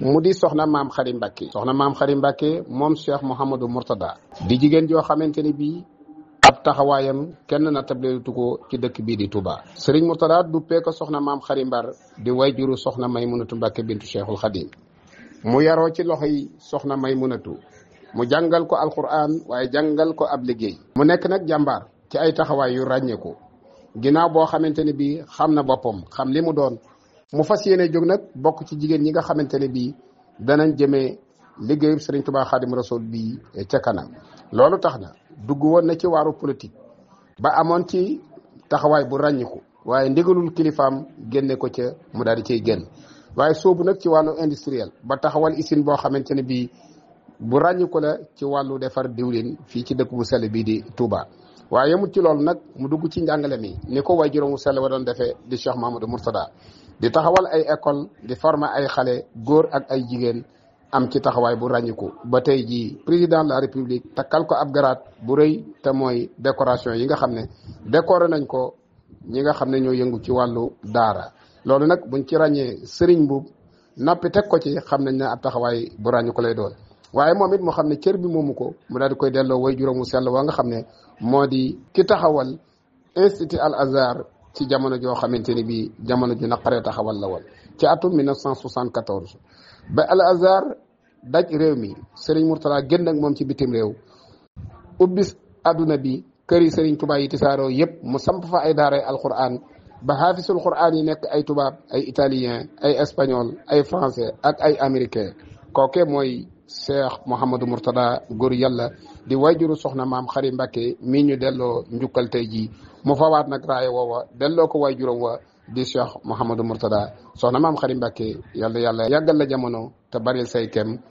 mu di soxna maam xari Mbàkke soxna maam xari Mbàkke moom Cheikh Mouhamadou Mourtada di jigéen joo xamante ne bii ab taxawaayam kenn na tableetu ko ci dëkk bii di Touba Serigne Mourtada duppee ko soxna maam xari Mbar di way wayjuru soxna may Maymunatu Mbàkke bintu Cheikhul Khadim mu yaroo ci loxo yi soxna munatu mu jàngal ko alquran waaye jàngal ko ab liggéey mu nekk nag jàmbaar ci ay taxawaay yu ràññeeku ginnaaw boo xamante ne bii xam na boppam xam li mu doon mu fas yéene jóg nag bokk ci jigéen ñi nga xamante ne bii danañ jëmee liggéeyub Sëriñ Tuubaa Xaadim Rasuul bii ca kanam loolu tax na dugg woon na ci waaru politique ba amoon ci taxawaay bu ràññiku waaye ndégalul kilifaam génne ko ca mu daal di cay génn waaye soobu nag ci wàllu industriel ba taxawal usine boo xamante ne bii bu ràññiku la ci wàllu defar diwlin fii ci dëkk bu sell bii di Touba. waaye yemut ci loolu nag mu dugg ci njàngale mi ni ko way juróomu sell wa doon defee di Cheikh Mahamadou Mourtada di taxawal ay école di former ay xale góor ak ay jigéen am ci taxawaay bu ràññiku ba tey jii président de la république takkal ko ab garaat bu rëy te mooy décoration yi nga xam ne décoré nañ ko ñi nga xam ne ñoo yëngu ci wàllu daara loolu nag buñ ci ràññee sëriñ mbuub nappi teg ko ci xam nañ ne ab taxawaay bu ràññiku lay doon waaye moom it moo xam ne cër bi moomu ko mu daal di koy delloo way juróomu sell waa nga xam ne moo di ki taxawal institut al azar ci jamono joo xamante ni bii jamono ju naqaree taxawal la woon ci atum 1974 ba al azhar daj réew mi Serigne Mourtala génn ak moom ci bitim réew ubbis adduna bi kër yi Serigne Touba yi tisaaroo yëpp mu samp fa ay daaray alquran ba xaafisul quran yi nekk ay tubaab ay italien ay espagnol ay français ak ay américain kooke mooy Cheikh Mouhamadou Mourtada góor yàlla di wayjuru soxna maam xari Mbacke mii ñu delloo njukkal tey jii mu fawaat nag raaya woowa delloo ko wayjuram wa di Cheikh Mouhamadou Mourtada soxna maam xari Mbacke yàlla yàlla yàggal la jamono te baril say kem